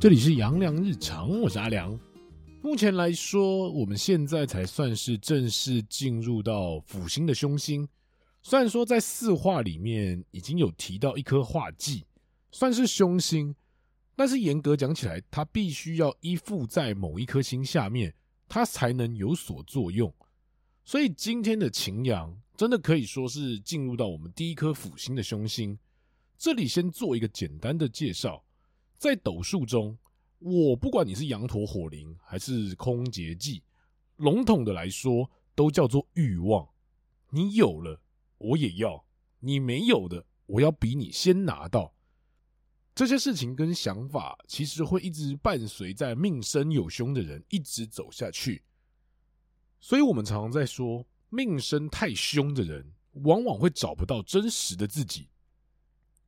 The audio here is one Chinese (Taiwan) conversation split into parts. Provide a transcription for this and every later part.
這裡是楊良日常，我是阿良。目前來說，我們現在才算是正式進入到輔星的凶星。雖然說在四化裡面已經有提到一顆化忌，算是凶星，但是嚴格講起來，它必須要依附在某一顆星下面，它才能有所作用。所以今天的擎羊真的可以說是進入到我們第一顆輔星的凶星。這裡先做一個簡單的介紹。在斗數中，我不管你是羊陀、火鈴還是空劫忌，籠統的來說，都叫做慾望。你有了，我也要；你沒有的，我要比你先拿到。這些事情跟想法，其實會一直伴隨在命生有凶的人一直走下去。所以，我們常常在說，命生太凶的人，往往會找不到真實的自己。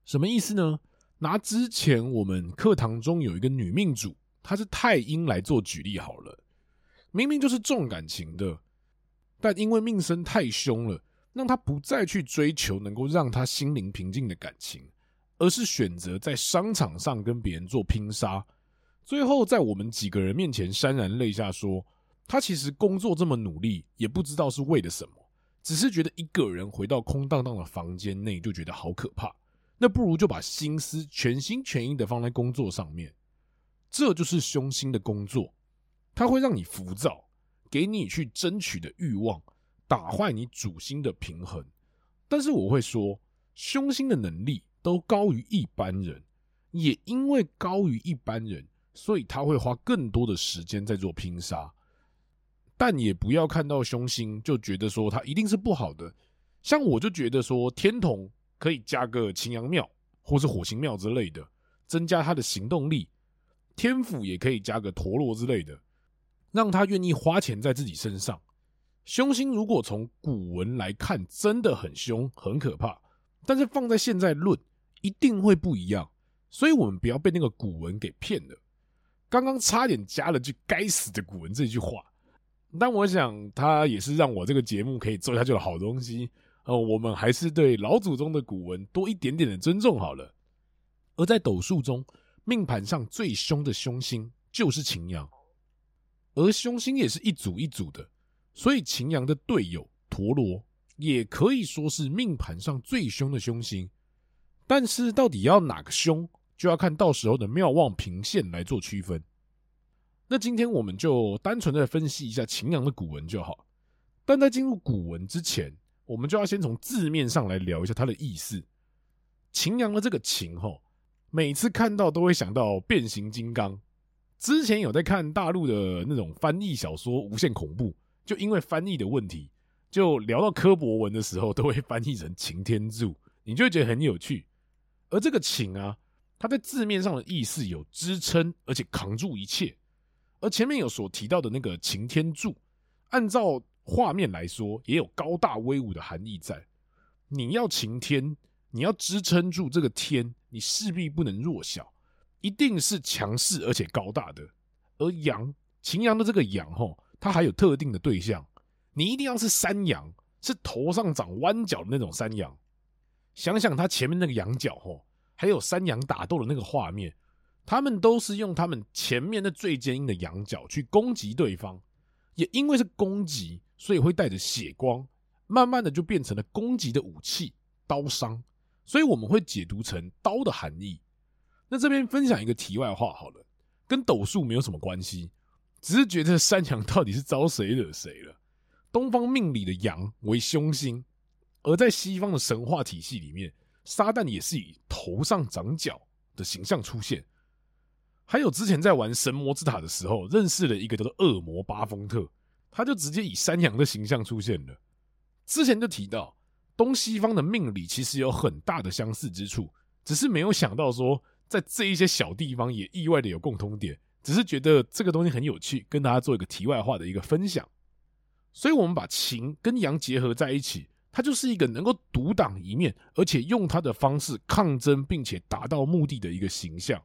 什麼意思呢？拿之前我們課堂中有一個女命主，她是太陰來做舉例好了。明明就是重感情的，但因為命生太凶了，讓她不再去追求能夠讓她心靈平靜的感情，而是選擇在商場上跟別人做拼殺。最後在我們幾個人面前潸然淚下說，說她其實工作這麼努力，也不知道是為了什麼，只是覺得一個人回到空蕩蕩的房間內就覺得好可怕。那不如就把心思全心全意的放在工作上面，這就是兇星的工作，它會讓你浮躁，給你去爭取的慾望，打壞你主星的平衡。但是我會說，兇星的能力都高於一般人，也因為高於一般人，所以他會花更多的時間在做拼殺。但也不要看到兇星就覺得說他一定是不好的，像我就覺得說天同。可以加個擎羊廟，或是火星廟之類的，增加他的行動力。天府也可以加個陀螺之類的，讓他願意花錢在自己身上。兇星如果從古文來看，真的很凶，很可怕。但是放在現在論，一定會不一樣。所以，我們不要被那個古文給騙了。剛剛差點加了句該死的古文這句話，但我想他也是讓我這個節目可以做下去的好東西。呃、嗯，我們還是對老祖宗的古文多一點點的尊重好了。而在斗數中，命盤上最凶的凶星就是擎羊，而凶星也是一組一組的，所以擎羊的隊友陀羅也可以說是命盤上最凶的凶星。但是到底要哪個凶，就要看到時候的廟旺平陷來做區分。那今天我們就單純的分析一下擎羊的古文就好。但在進入古文之前。我們就要先從字面上來聊一下它的意思。擎羊的這個擎，吼，每次看到都會想到變形金剛。之前有在看大陸的那種翻譯小說《無限恐怖》，就因為翻譯的問題，就聊到柯博文的時候，都會翻譯成擎天柱，你就會覺得很有趣。而這個擎啊，它在字面上的意思有支撐，而且扛住一切。而前面有所提到的那個擎天柱，按照。畫面來說，也有高大威武的含義在。你要擎天，你要支撐住這個天，你勢必不能弱小，一定是強勢而且高大的。而羊，擎羊的這個羊哦，它還有特定的對象，你一定要是山羊，是頭上長彎角的那種山羊。想想它前面那個羊角吼，還有山羊打鬥的那個畫面，他們都是用他們前面那最堅硬的羊角去攻擊對方，也因為是攻擊。所以會帶着血光，慢慢的就變成了攻擊的武器，刀傷。所以我們會解讀成刀的含義。那這邊分享一個題外話好了，跟斗數沒有什麼關係，只是覺得山羊到底是招誰惹誰了。東方命理的羊為凶星，而在西方的神話體系裡面，撒旦也是以頭上長角的形象出現。還有之前在玩神魔之塔的時候，認識了一個叫做惡魔巴風特。他就直接以山羊的形象出現了。之前就提到東西方的命理其實有很大的相似之處，只是沒有想到說在這一些小地方也意外的有共通點。只是覺得這個東西很有趣，跟大家做一個題外話的一個分享。所以，我們把“擎跟“羊”結合在一起，它就是一個能夠獨當一面，而且用它的方式抗爭，並且達到目的的一個形象。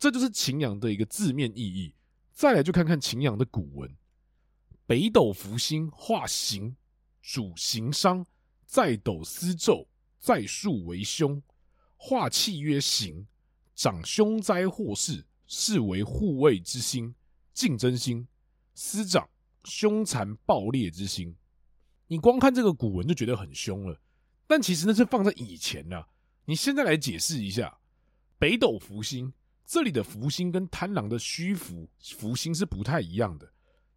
這就是“擎羊”的一個字面意義。再來，就看看“擎羊”的古文。北斗浮星化刑，主刑傷，在斗司奏，在數為凶，化氣曰刑，掌凶災禍事，是為護衛之星，競爭星，司掌凶殘暴烈之星。你光看這個古文就覺得很凶了，但其實那是放在以前啦、啊。你現在來解釋一下，北斗浮星這裡的浮星跟貪狼的虛浮浮星是不太一樣的。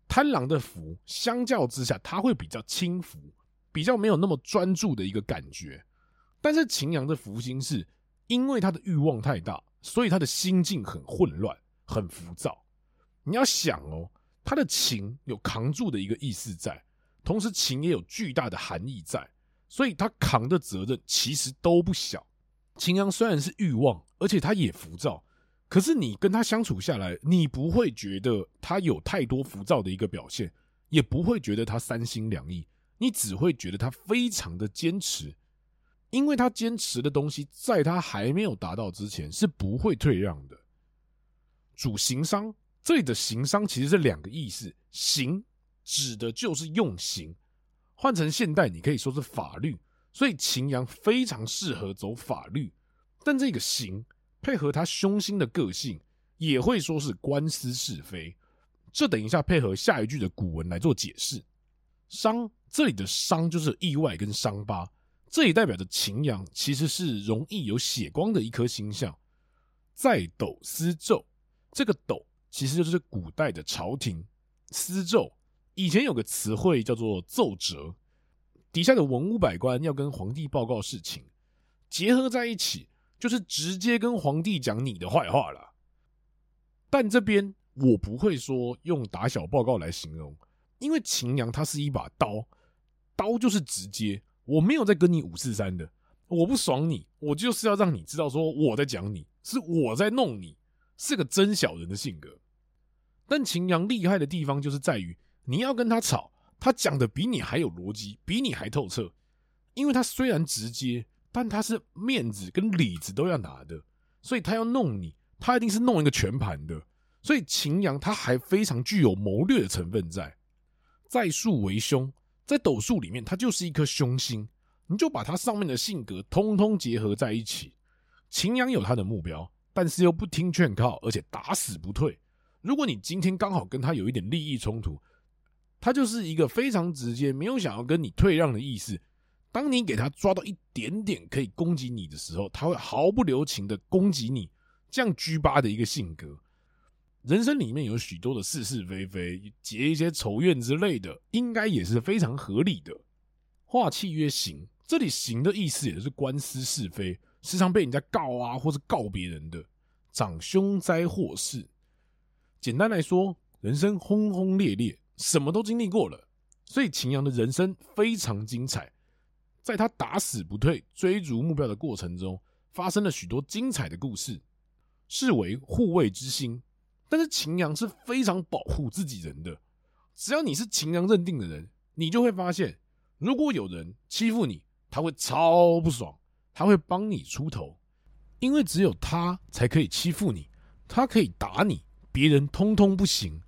貪狼的福，相較之下，他會比較輕浮，比較沒有那麼專注的一個感覺。但是擎羊的福星是，因為他的慾望太大，所以他的心境很混亂、很浮躁。你要想哦，他的擎有扛住的一個意思在，同時擎也有巨大的含義在，所以他扛的責任其實都不小。擎羊雖然是慾望，而且他也浮躁。可是你跟他相處下來，你不會覺得他有太多浮躁的一個表現，也不會覺得他三心兩意，你只會覺得他非常的堅持，因為他堅持的東西，在他還沒有達到之前是不會退讓的。主刑傷這裡的刑傷其實是兩個意思，刑指的就是用刑，換成現代你可以說是法律，所以擎羊非常適合走法律，但這個刑。配合他凶星的個性，也會說是官司是非。這等一下配合下一句的古文來做解釋。傷這裡的傷就是意外跟傷疤，這也代表着擎羊其實是容易有血光的一顆星象。在斗司奏，這個斗其實就是古代的朝廷司奏，以前有個詞彙叫做奏折，底下的文武百官要跟皇帝報告事情，結合在一起。就是直接跟皇帝講你的壞話了，但這邊我不會說用打小報告來形容，因為擎羊他是一把刀，刀就是直接，我沒有在跟你五四三的，我不爽你，我就是要讓你知道說我在講你，是我在弄你，是個真小人的性格。但擎羊厲害的地方就是在於你要跟他吵，他講的比你還有邏輯，比你還透徹，因為他雖然直接。但他是面子跟裡子都要拿的，所以他要弄你，他一定是弄一個全盤的。所以擎羊他還非常具有謀略的成分在，在數為凶，在斗數裡面，他就是一顆凶星。你就把他上面的性格通通結合在一起。擎羊有他的目標，但是又不聽勸告，而且打死不退。如果你今天剛好跟他有一點利益衝突，他就是一個非常直接，沒有想要跟你退讓的意思。當你給他抓到一點點可以攻擊你的時候，他會毫不留情地攻擊你，這樣機掰的一個性格。人生裡面有許多的是是非非，結一些仇怨之類的，應該也是非常合理的。化氣曰刑，這裡“刑”的意思也就是官司是非，時常被人家告啊，或是告別人的，掌凶災禍事。簡單來說，人生轟轟烈烈，什麼都經歷過了，所以擎羊的人生非常精彩。在他打死不退、追逐目標的過程中，發生了許多精彩的故事，是為護衛之星。但是擎羊是非常保護自己人的，只要你是擎羊認定的人，你就會發現，如果有人欺負你，他會超不爽，他會幫你出頭，因為只有他才可以欺負你，他可以打你，別人通通不行。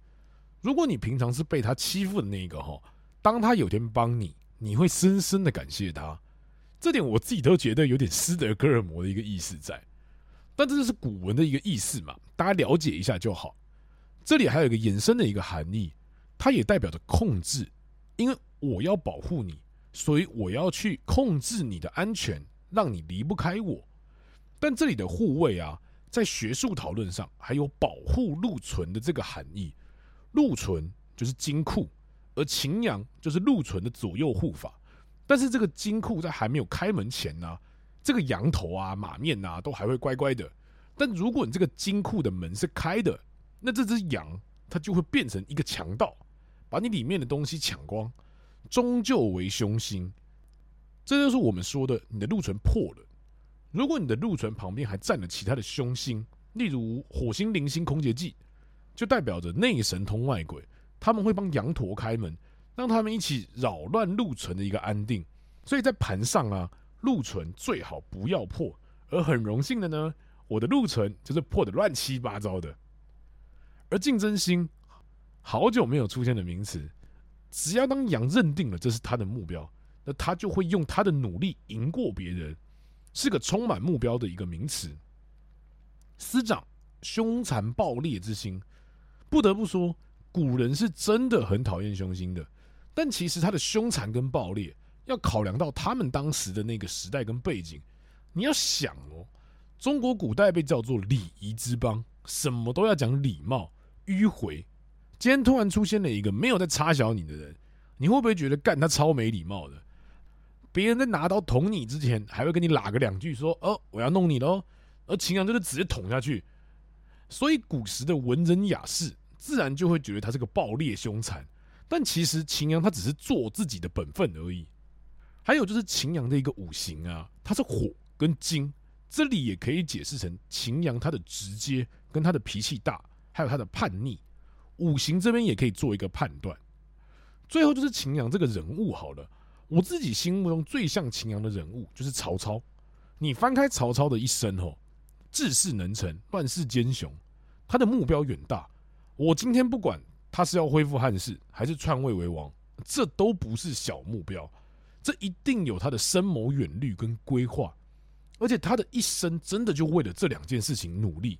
如果你平常是被他欺負的那一個，哈，當他有天幫你。你會深深的感謝他，這點我自己都覺得有點斯德哥爾摩的一個意思在，但這就是古文的一個意思嘛，大家了解一下就好。這裡還有一個衍生的一個含義，它也代表着控制，因為我要保護你，所以我要去控制你的安全，讓你離不開我。但這裡的護衛啊，在學術討論上還有保護祿存的這個含義，祿存就是金庫。而擎羊就是祿存的左右護法，但是這個金庫在還沒有開門前呢、啊，這個羊頭啊、馬面啊都還會乖乖的。但如果你這個金庫的門是開的，那這隻羊它就會變成一個強盜，把你裡面的東西搶光，終究為凶星。這就是我們說的你的祿存破了。如果你的祿存旁邊還站了其他的凶星，例如火星、鈴星、空劫忌，就代表着內神通外鬼。他們會幫羊陀開門，讓他們一起擾亂祿存的一個安定。所以在盤上啊，祿存最好不要破。而很榮幸的呢，我的祿存就是破得亂七八糟的。而競爭星，好久沒有出現的名詞。只要當羊認定了這是他的目標，那他就會用他的努力贏過別人，是個充滿目標的一個名詞。司掌凶殘暴烈之星，不得不說。古人是真的很討厭兇星的，但其實他的凶殘跟暴烈要考量到他們當時的那個時代跟背景。你要想哦，中國古代被叫做禮儀之邦，什麼都要講禮貌迂迴。今天突然出現了一個沒有在插小你的人，你會不會覺得幹他超沒禮貌的？別人在拿刀捅你之前，還會跟你喇個兩句說：“哦，我要弄你嘍。”而擎羊就是直接捅下去。所以古時的文人雅士。自然就會覺得他是個暴烈兇殘，但其實擎羊他只是做自己的本分而已。還有就是擎羊的一個五行啊，他是火跟金，這裡也可以解釋成擎羊他的直接跟他的脾氣大，還有他的叛逆。五行這邊也可以做一個判斷。最後就是擎羊這個人物，好了，我自己心目中最像擎羊的人物就是曹操。你翻開曹操的一生哦，治世能臣，亂世奸雄，他的目標遠大。我今天不管他是要恢復漢室還是篡位為王，這都不是小目標，這一定有他的深謀遠慮跟規劃，而且他的一生真的就為了這兩件事情努力，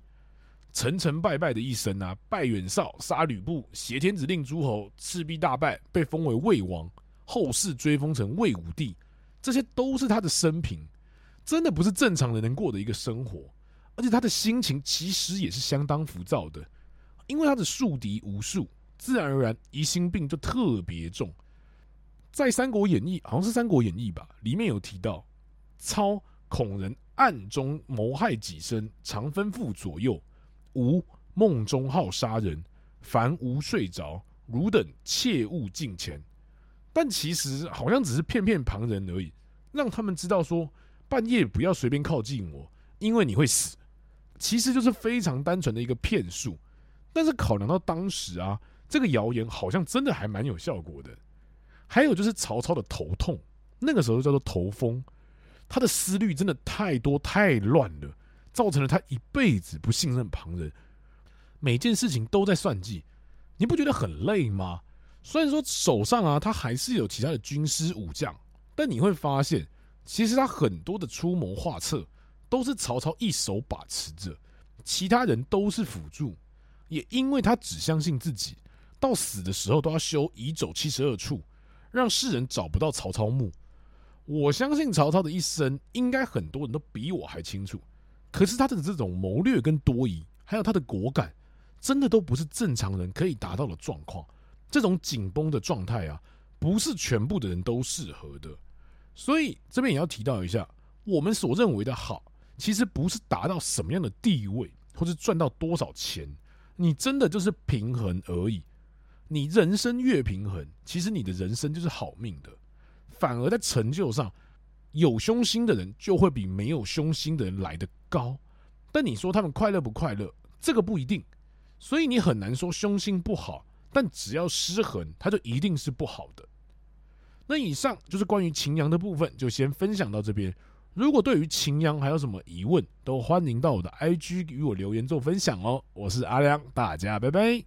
成成敗敗的一生啊，敗袁紹、殺呂布、挾天子令諸侯、赤壁大敗、被封為魏王，後世追封成魏武帝，這些都是他的生平，真的不是正常人能過的一個生活，而且他的心情其實也是相當浮躁的。因為他的樹敵無數，自然而然疑心病就特別重。在《三國演義》，好像是《三國演義》吧，裡面有提到，操恐人暗中謀害己身，常吩咐左右：“吾夢中好殺人，凡吾睡着，汝等切勿近前。”但其實好像只是騙騙旁人而已，讓他們知道說半夜不要隨便靠近我，因為你會死。其實就是非常單純的一個騙術。但是考量到當時啊，這個謠言好像真的還蠻有效果的。還有就是曹操的頭痛，那個時候叫做頭風，他的思慮真的太多太亂了，造成了他一輩子不信任旁人，每件事情都在算計，你不覺得很累嗎？雖然說手上啊，他還是有其他的軍師武將，但你會發現，其實他很多的出謀劃策都是曹操一手把持着，其他人都是輔助。也因為他只相信自己，到死的時候都要修移走七十二處，讓世人找不到曹操墓。我相信曹操的一生，應該很多人都比我還清楚。可是他的這種謀略跟多疑，還有他的果敢，真的都不是正常人可以達到的狀況。這種緊繃的狀態啊，不是全部的人都適合的。所以這邊也要提到一下，我們所認為的好，其實不是達到什麼樣的地位，或是賺到多少錢。你真的就是平衡而已，你人生越平衡，其實你的人生就是好命的。反而在成就上，有凶星的人就會比沒有凶星的人來得高。但你說他們快樂不快樂？這個不一定，所以你很難說凶星不好。但只要失衡，它就一定是不好的。那以上就是關於擎羊的部分，就先分享到這邊。如果對於擎羊還有什麼疑問，都歡迎到我的 IG 與我留言做分享哦。我是阿良，大家拜拜。